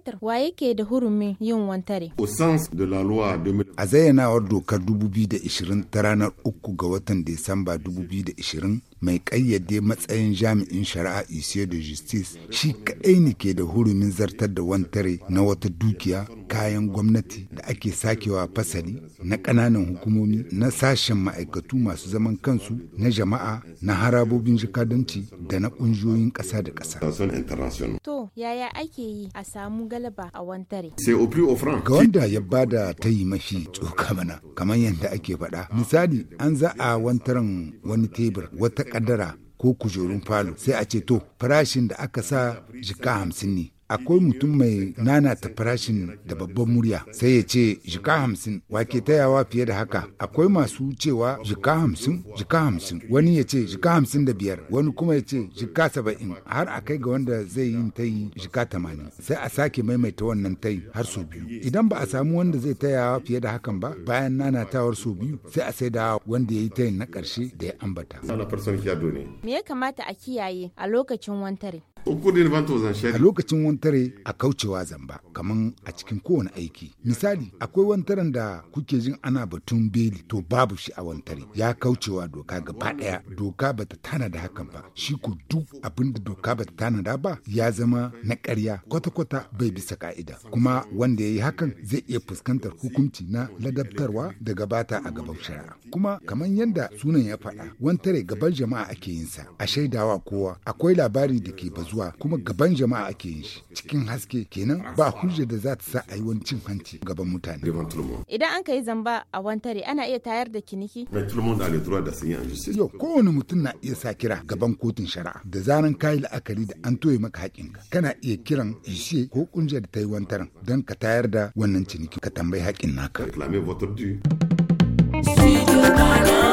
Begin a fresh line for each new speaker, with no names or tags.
proprietor wa yake da hurumin yin wantare.
A zayyanawar dokar 2020 ta ranar uku ga watan Disamba 2020 mai kayyade matsayin jami'in shari'a isiyo da justice shi kaɗai ne ke da hurumin zartar da wantare na wata dukiya kayan gwamnati da ake sakewa fasali na ƙananan hukumomi na sashen ma'aikatu masu zaman kansu na jama'a na harabobin jikadanci da na ƙungiyoyin ƙasa da ƙasa.
To yaya ake yi a samu galaba a wantare?
Ga wanda ya bada ta yi mafi tsoka mana kamar yadda ake faɗa. Misali an za a wantaren wani tebur wata kaddara ko kujerun falo sai a ce to farashin da aka sa jika hamsin ne akwai mutum mai ta farashin da babban murya sai ya ce jika hamsin wake tayawa fiye da haka akwai masu cewa jika hamsin jika hamsin wani ya ce jika hamsin da biyar wani kuma ya ce jika saba'in har a kai ga wanda zai yi ta yi jika tamanin sai a sake maimaita wannan ta yi har sau biyu idan ba a samu wanda zai tayawa fiye da hakan ba bayan nanatawar sau biyu sai a sai da wanda ya yi ta tayin na karshe da ya ambata.
Me ya kamata a kiyaye a lokacin wantare?
A lokacin wantare a kaucewa zamba kamar a cikin kowane aiki. Misali, akwai wantaren da kuke jin ana batun beli to babu shi a wantare. Ya kaucewa doka gaba ɗaya. Doka bata tana da hakan ba. Shi ku duk abin da doka bata tana da ba ya zama na karya kwata-kwata bai bisa ka'ida. Kuma wanda ya yi hakan zai iya fuskantar hukunci na ladabtarwa da gabata a gaban shari'a. Kuma kamar yadda sunan ya faɗa, wantare gaban jama'a ake yin sa. A shaidawa kowa akwai labari da ke bazuwa kasuwa kuma gaban jama'a ake yin shi cikin haske kenan ba hujja da za ta sa a yi wani cin hanci gaban mutane.
Idan an yi zamba a wantare ana iya tayar da kiniki.
Yau kowane mutum na iya sa kira gaban kotun shari'a da zaran kayi la'akari da an toye maka haƙinka kana iya kiran ishe ko kunjiyar da ta yi wantaren don ka tayar da wannan ciniki ka tambayi haƙin naka.
Studio Ghana.